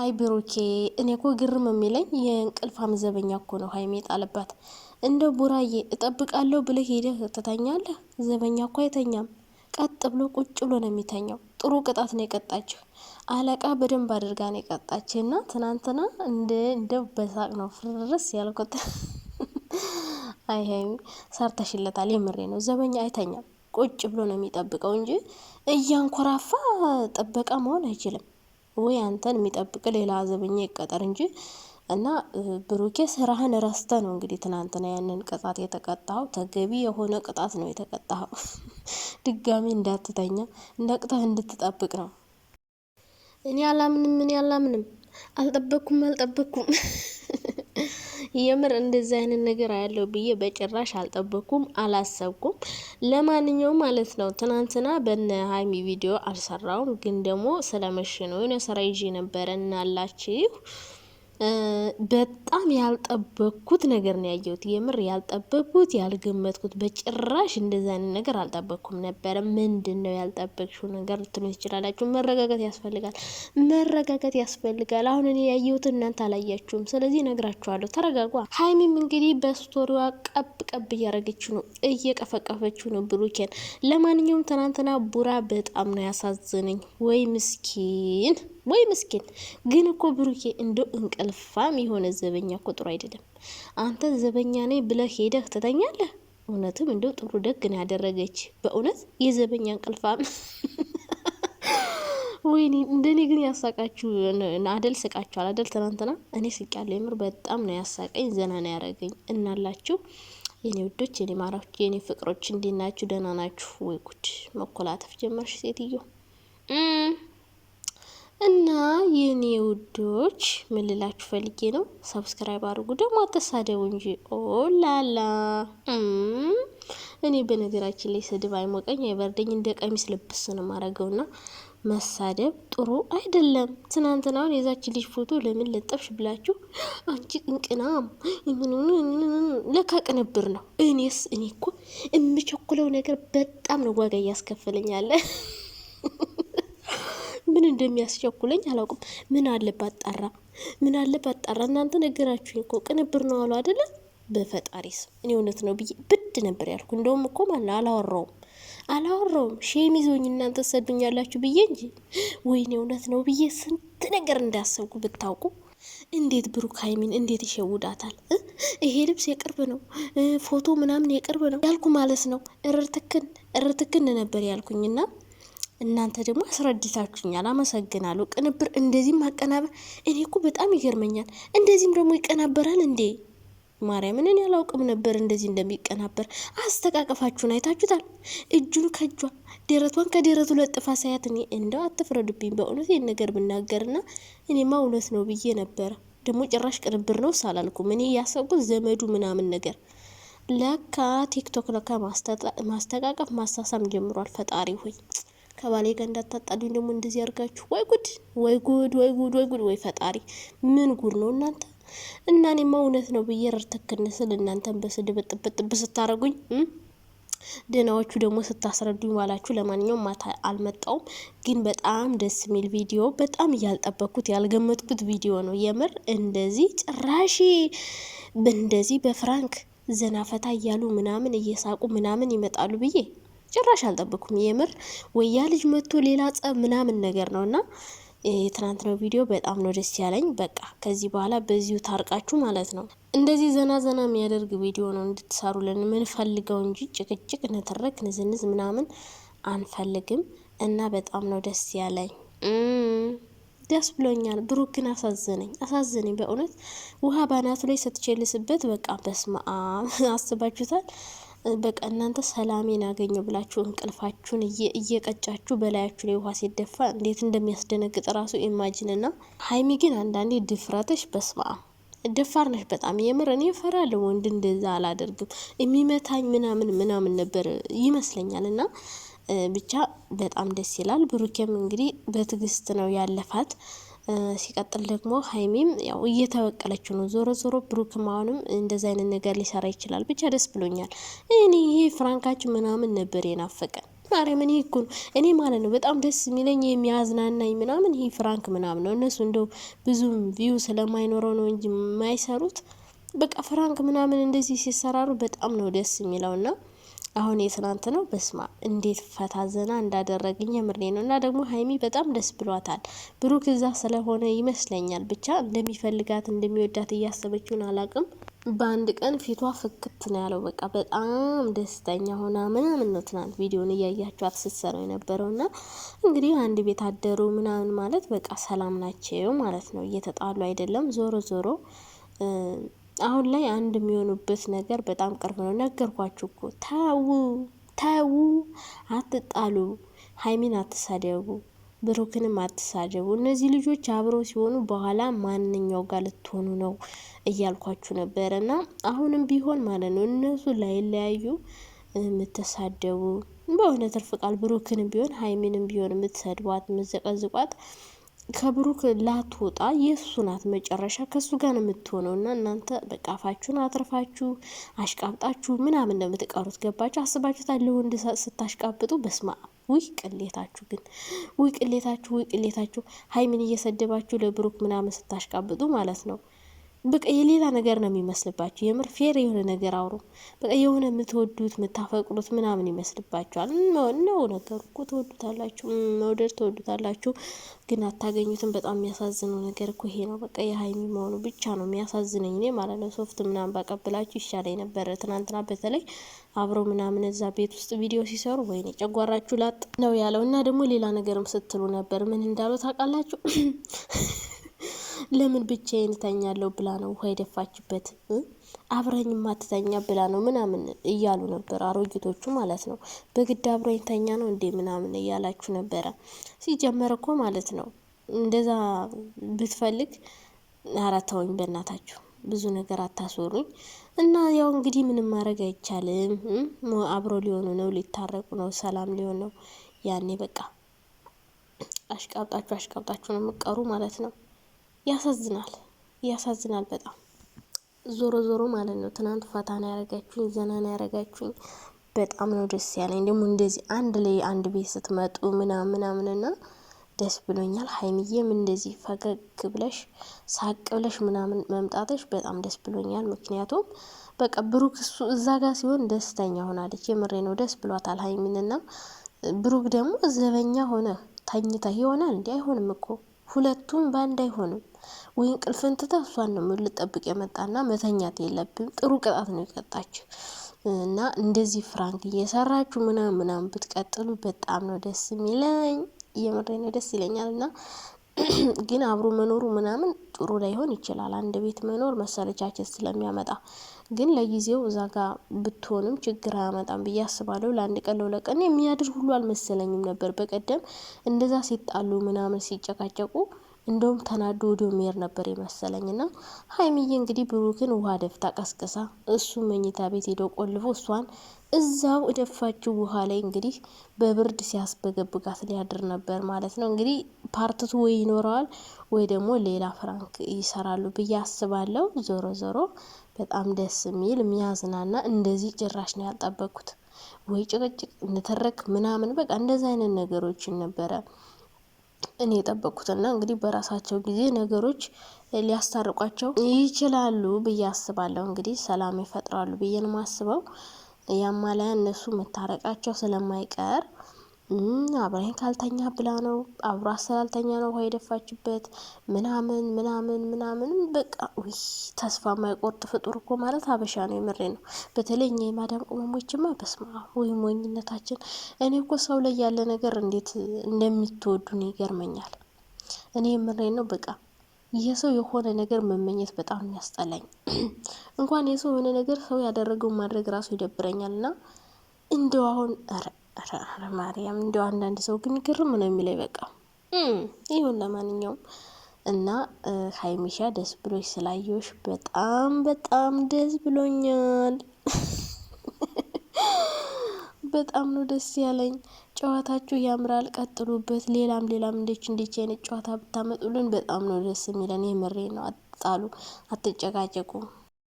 አይ ብሩኬ፣ እኔ እኮ ግርም የሚለኝ የእንቅልፍ አምዘበኛ እኮ ነው ሀይሜ ጣለባት። እንደ ቡራዬ እጠብቃለሁ ብለህ ሄደህ ትተኛለህ? ዘበኛ እኮ አይተኛም። ቀጥ ብሎ ቁጭ ብሎ ነው የሚተኛው። ጥሩ ቅጣት ነው የቀጣችሁ አለቃ በደንብ አድርጋ ነው የቀጣች እና ትናንትና እንደ እንደ በሳቅ ነው ፍርርስ ያልኩት። አይ ሀይሜ ሰርተሽለታል። የምሬ ነው። ዘበኛ አይተኛም። ቁጭ ብሎ ነው የሚጠብቀው እንጂ እያንኮራፋ ጥበቃ መሆን አይችልም። ወይ አንተን የሚጠብቅ ሌላ ዘበኛ ይቀጠር እንጂ እና ብሩኬ ስራህን ረስተ ነው እንግዲህ ትናንትና ያንን ቅጣት የተቀጣው ተገቢ የሆነ ቅጣት ነው የተቀጣው ድጋሚ እንዳትተኛ ነቅተህ እንድትጠብቅ ነው። እኔ አላምንም፣ እኔ አላምንም፣ አልጠበቅኩም፣ አልጠበቅኩም የምር እንደዚህ አይነት ነገር አያለው ብዬ በጭራሽ አልጠበኩም፣ አላሰብኩም። ለማንኛውም ማለት ነው ትናንትና በነ ሀይሚ ቪዲዮ አልሰራውም፣ ግን ደግሞ ስለመሸ ነው የሆነ ስራ ይዤ ነበረ እናላችሁ በጣም ያልጠበኩት ነገር ነው ያየሁት። የምር ያልጠበኩት ያልገመትኩት፣ በጭራሽ እንደዚህ አይነት ነገር አልጠበኩም ነበረ። ምንድን ነው ያልጠበቅሽው ነገር ልትሉ ትችላላችሁ። መረጋጋት ያስፈልጋል፣ መረጋጋት ያስፈልጋል። አሁን እኔ ያየሁት እናንተ አላያችሁም፣ ስለዚህ ነግራችኋለሁ። ተረጋጓ። ሀይሚም እንግዲህ በስቶሪዋ ቀብ ቀብ እያደረገች ነው፣ እየቀፈቀፈችው ነው ብሩኬን። ለማንኛውም ትናንትና ቡራ በጣም ነው ያሳዝነኝ። ወይ ምስኪን፣ ወይ ምስኪን። ግን እኮ ብሩኬ እንደው እንቀል አልፋም የሆነ ዘበኛ እኮ ጥሩ አይደለም። አንተ ዘበኛ ነኝ ብለህ ሄደህ ትተኛለህ። እውነትም እንደው ጥሩ ደግ ነው ያደረገች። በእውነት የዘበኛ እንቅልፋም ወይኔ እንደኔ ግን ያሳቃችሁ አደል? ስቃችኋል አደል? ትናንትና እኔ ስቅያለሁ። የምር በጣም ነው ያሳቀኝ፣ ዘና ነው ያደረገኝ። እናላችሁ የኔ ውዶች፣ የኔ ማራች፣ የኔ ፍቅሮች እንዴት ናችሁ? ደህና ናችሁ ወይ? ጉድ መኮላተፍ ጀመርሽ ሴትዮ። እና የኔ ውዶች ምልላችሁ ፈልጌ ነው። ሰብስክራይብ አድርጉ። ደግሞ አተሳደቡ እንጂ ኦላላ። እኔ በነገራችን ላይ ስድብ አይሞቀኝ አይበርደኝ፣ እንደ ቀሚስ ልብስ ነው ማድረገውና መሳደብ ጥሩ አይደለም። ትናንትናውን የዛች ልጅ ፎቶ ለምን ለጠፍሽ ብላችሁ አንቺ ቅንቅናም ለካ ቅንብር ነው። እኔስ እኔ እኮ የምቸኩለው ነገር በጣም ነው ዋጋ እያስከፍለኛለ እንደሚያስቸኩለኝ አላውቅም። ምን አለ ባጣራ፣ ምን አለ ባጣራ። እናንተ ነገራችሁኝ እኮ ቅንብር ነው አሉ አደለ? በፈጣሪ ስም እኔ እውነት ነው ብዬ ብድ ነበር ያልኩ። እንደውም እኮ ማለ አላወራውም አላወራውም ሼም ይዞኝ እናንተ ሰዱኛላችሁ ብዬ እንጂ ወይኔ እውነት ነው ብዬ ስንት ነገር እንዳሰብኩ ብታውቁ። እንዴት ብሩክ ሀይሚን እንዴት ይሸውዳታል? ይሄ ልብስ የቅርብ ነው፣ ፎቶ ምናምን የቅርብ ነው ያልኩ ማለት ነው። እርርትክን እርርትክን ነበር ያልኩኝና እናንተ ደግሞ ያስረድታችሁኛል። አመሰግናለሁ። ቅንብር እንደዚህ ማቀናበር እኔ እኮ በጣም ይገርመኛል። እንደዚህም ደግሞ ይቀናበራል እንዴ? ማርያምን እኔ አላውቅም ነበር እንደዚህ እንደሚቀናበር። አስተቃቀፋችሁን አይታችሁታል። እጁን ከእጇ ደረቷን ከደረቱ ለጥፋ ሳያት እኔ እንደው አትፍረዱብኝ በእውነት ይህን ነገር ብናገርና እኔማ እውነት ነው ብዬ ነበረ። ደግሞ ጭራሽ ቅንብር ነው ሳላልኩም እኔ ያሰብኩት ዘመዱ ምናምን ነገር ለካ ቲክቶክ ለካ ማስተቃቀፍ ማሳሳም ጀምሯል። ፈጣሪ ሆይ ከባሌ ጋር እንዳታጣሉኝ ደግሞ እንደዚህ ያርጋችሁ። ወይ ጉድ፣ ወይ ጉድ፣ ወይ ጉድ፣ ወይ ጉድ፣ ወይ ፈጣሪ! ምን ጉድ ነው እናንተ? እና እኔማ እውነት ነው ብዬ ረርተክን ስል እናንተን በስድብ ጥብጥብ ስታረጉኝ ደህናዎቹ ደግሞ ስታስረዱኝ ዋላችሁ። ለማንኛውም ማታ አልመጣውም፣ ግን በጣም ደስ የሚል ቪዲዮ፣ በጣም እያልጠበቅኩት ያልገመጥኩት ቪዲዮ ነው የምር። እንደዚህ ጭራሽ እንደዚህ በፍራንክ ዘናፈታ እያሉ ምናምን እየሳቁ ምናምን ይመጣሉ ብዬ ጭራሽ አልጠበኩም። የምር ወያ ልጅ መጥቶ ሌላ ጸብ ምናምን ነገር ነው እና የትናንትናው ቪዲዮ በጣም ነው ደስ ያለኝ። በቃ ከዚህ በኋላ በዚሁ ታርቃችሁ ማለት ነው። እንደዚህ ዘና ዘና የሚያደርግ ቪዲዮ ነው እንድትሰሩልን የምንፈልገው እንጂ ጭቅጭቅ፣ ንትርክ፣ ንዝንዝ ምናምን አንፈልግም እና በጣም ነው ደስ ያለኝ። ደስ ብሎኛል። ብሩክ ግን አሳዘነኝ አሳዘነኝ በእውነት ውሃ ባናቱ ላይ ስትቸልስበት በቃ በስመ አብ አስባችሁታል። በቃ እናንተ ሰላሜን አገኘ ብላችሁ እንቅልፋችሁን እየቀጫችሁ በላያችሁ ላይ ውሃ ሲደፋ እንዴት እንደሚያስደነግጥ ራሱ ኢማጂን ና ሀይሚ ግን አንዳንዴ ድፍረተሽ በስማ ደፋር ነሽ በጣም የምር። እኔ እፈራለሁ ወንድ እንደዛ አላደርግም የሚመታኝ ምናምን ምናምን ነበር ይመስለኛል እና ብቻ በጣም ደስ ይላል። ብሩኬም እንግዲህ በትግስት ነው ያለፋት። ሲቀጥል ደግሞ ሀይሚም ያው እየተበቀለችው ነው። ዞሮ ዞሮ ብሩክም አሁንም እንደዚ አይነት ነገር ሊሰራ ይችላል። ብቻ ደስ ብሎኛል። እኔ ይሄ ፍራንካች ምናምን ነበር የናፈቀን ማርያምን ይሄ እኮ ነው እኔ ማለት ነው በጣም ደስ የሚለኝ የሚያዝናናኝ ምናምን ይሄ ፍራንክ ምናምን ነው። እነሱ እንደው ብዙም ቪው ስለማይኖረው ነው እንጂ የማይሰሩት በቃ ፍራንክ ምናምን እንደዚህ ሲሰራሩ በጣም ነው ደስ የሚለውና አሁን የትናንት ነው። በስማ እንዴት ፈታ ዘና እንዳደረግኝ የምሬ ነው። እና ደግሞ ሀይሚ በጣም ደስ ብሏታል። ብሩክ እዛ ስለሆነ ይመስለኛል ብቻ እንደሚፈልጋት እንደሚወዳት እያሰበችውን አላቅም። በአንድ ቀን ፊቷ ፍክት ነው ያለው። በቃ በጣም ደስተኛ ሆና ምናምን ነው ትናንት ቪዲዮን እያያቸው ስትሰራው የነበረው እና እንግዲህ አንድ ቤት አደሩ ምናምን ማለት በቃ ሰላም ናቸው ማለት ነው። እየተጣሉ አይደለም ዞሮ ዞሮ አሁን ላይ አንድ የሚሆኑበት ነገር በጣም ቅርብ ነው። ነገርኳችሁ እኮ ታው ታው አትጣሉ፣ ሀይሚን አትሳደቡ፣ ብሩክንም አትሳደቡ። እነዚህ ልጆች አብረው ሲሆኑ በኋላ ማንኛው ጋር ልትሆኑ ነው እያልኳችሁ ነበረ እና አሁንም ቢሆን ማለት ነው እነሱ ላይለያዩ የምትሳደቡ በሆነ ትርፍ ቃል ብሩክንም ቢሆን ሀይሚንም ቢሆን የምትሰድቧት የምትዘቀዝቋት ከብሩክ ላትወጣ የእሱ ናት መጨረሻ ከእሱ ጋር ነው የምትሆነው። እና እናንተ በቃ አፋችሁን አትርፋችሁ አሽቃብጣችሁ ምናምን ነው የምትቀሩት። ገባችሁ? አስባችሁታል? ለወንድ ስታሽቃብጡ በስማ ውይ ቅሌታችሁ ግን ውይ ቅሌታችሁ ውይ ቅሌታችሁ ሀይሚን እየሰደባችሁ ለብሩክ ምናምን ስታሽቃብጡ ማለት ነው። በቃ የሌላ ነገር ነው የሚመስልባቸው። የምር ፌር የሆነ ነገር አውሩ። በቃ የሆነ የምትወዱት የምታፈቅሩት ምናምን ይመስልባቸዋል። ነው ነገሩ እኮ ትወዱታላችሁ፣ መውደድ ትወዱታላችሁ፣ ግን አታገኙትም። በጣም የሚያሳዝነው ነገር እኮ ይሄ ነው። በቃ የሀይሚ መሆኑ ብቻ ነው የሚያሳዝነኝ እኔ ማለት ነው። ሶፍት ምናምን ባቀብላችሁ ይሻለኝ ነበረ። ትናንትና በተለይ አብረው ምናምን እዛ ቤት ውስጥ ቪዲዮ ሲሰሩ ወይኔ ጨጓራችሁ ላጥ ነው ያለው። እና ደግሞ ሌላ ነገርም ስትሉ ነበር። ምን እንዳሉ ታውቃላችሁ? ለምን ብቻዬን እተኛለሁ ብላ ነው ውሃ የደፋችበት፣ አብረኝ ማትተኛ ብላ ነው ምናምን እያሉ ነበር አሮጊቶቹ ማለት ነው። በግድ አብረኝ ተኛ ነው እንዴ ምናምን እያላችሁ ነበረ። ሲጀመር እኮ ማለት ነው እንደዛ ብትፈልግ አራታወኝ በእናታችሁ ብዙ ነገር አታስወሩኝ። እና ያው እንግዲህ ምንም ማድረግ አይቻልም። አብሮ ሊሆኑ ነው፣ ሊታረቁ ነው፣ ሰላም ሊሆን ነው። ያኔ በቃ አሽቃብጣችሁ አሽቃብጣችሁ ነው የምቀሩ ማለት ነው። ያሳዝናል፣ ያሳዝናል በጣም ዞሮ ዞሮ ማለት ነው ትናንት ፋታን ያረጋችሁኝ ዘናን ያረጋችሁኝ በጣም ነው ደስ ያለኝ። ደግሞ እንደዚህ አንድ ላይ አንድ ቤት ስትመጡ ምናምን ምናምንና ደስ ብሎኛል። ሀይሚዬም እንደዚህ ፈገግ ብለሽ ሳቅ ብለሽ ምናምን መምጣትሽ በጣም ደስ ብሎኛል። ምክንያቱም በቃ ብሩክ እሱ እዛ ጋር ሲሆን ደስተኛ ሆናለች። የምሬ ነው ደስ ብሏታል ሀይሚንና ብሩክ ደግሞ ዘበኛ ሆነ ተኝተህ ይሆናል እንዲ አይሆንም እኮ ሁለቱም በአንድ አይሆንም። ወይ እንቅልፍን ትተህ እሷን ነው ልጠብቅ የመጣና መተኛት የለብም ጥሩ ቅጣት ነው የቀጣችሁ። እና እንደዚህ ፍራንክ እየሰራችሁ ምናምን ምናምን ብትቀጥሉ በጣም ነው ደስ የሚለኝ። እየምሬ ነው ደስ ይለኛል። እና ግን አብሮ መኖሩ ምናምን ጥሩ ላይሆን ይችላል። አንድ ቤት መኖር መሰለቻችን ስለሚያመጣ ግን ለጊዜው እዛ ጋ ብትሆንም ችግር አያመጣም ብዬ አስባለሁ። ለአንድ ቀን ለሁለት ቀን የሚያድር ሁሉ አልመሰለኝም ነበር። በቀደም እንደዛ ሲጣሉ ምናምን ሲጨቃጨቁ እንደውም ተናዶ ወዲ መሄድ ነበር የመሰለኝ ና ሀይሚዬ እንግዲህ ብሩክን ውሃ ደፍታ ቀስቅሳ እሱ መኝታ ቤት ሄዶ ቆልፎ እሷን እዛው እደፋችው ውሃ ላይ እንግዲህ በብርድ ሲያስበገብጋት ሊያድር ነበር ማለት ነው። እንግዲህ ፓርትቱ ወይ ይኖረዋል ወይ ደግሞ ሌላ ፍራንክ ይሰራሉ ብዬ አስባለሁ። ዞሮ ዞሮ በጣም ደስ የሚል የሚያዝናና እንደዚህ ጭራሽ ነው ያልጠበቅኩት። ወይ ጭቅጭቅ፣ ንትርክ ምናምን በቃ እንደዚ አይነት ነገሮችን ነበረ እኔ የጠበቅኩትና እንግዲህ በራሳቸው ጊዜ ነገሮች ሊያስታርቋቸው ይችላሉ ብዬ አስባለሁ። እንግዲህ ሰላም ይፈጥራሉ ብዬ ነው የማስበው። ያማላያ እነሱ መታረቃቸው ስለማይቀር አብራኝ ካልተኛ ብላ ነው አብሮ አሰላልተኛ ነው ውሃ የደፋችበት ምናምን ምናምን ምናምን በቃ ውይ ተስፋ የማይቆርጥ ፍጡር እኮ ማለት አበሻ ነው። የምሬ ነው። በተለይ እኛ የማዳም ቅመሞችማ በስማ ወይ ሞኝነታችን። እኔ እኮ ሰው ላይ ያለ ነገር እንዴት እንደሚትወዱን ይገርመኛል። እኔ የምሬ ነው በቃ የሰው የሆነ ነገር መመኘት በጣም ያስጠላኝ እንኳን የሰው የሆነ ነገር ሰው ያደረገውን ማድረግ ራሱ ይደብረኛል። እና እንደው አሁን ኧረ ማርያም እንዲያው አንዳንድ ሰው ግን ግርም ነው የሚለው። በቃ ይሁን። ለማንኛውም እና ሀይሚሻ ደስ ብሎች ስላየሽ በጣም በጣም ደስ ብሎኛል። በጣም ነው ደስ ያለኝ። ጨዋታችሁ ያምራል፣ ቀጥሉበት። ሌላም ሌላም እንደች እንዴች አይነት ጨዋታ ብታመጡልን በጣም ነው ደስ የሚለን። የምሬ ነው። አትጣሉ፣ አትጨቃጨቁ።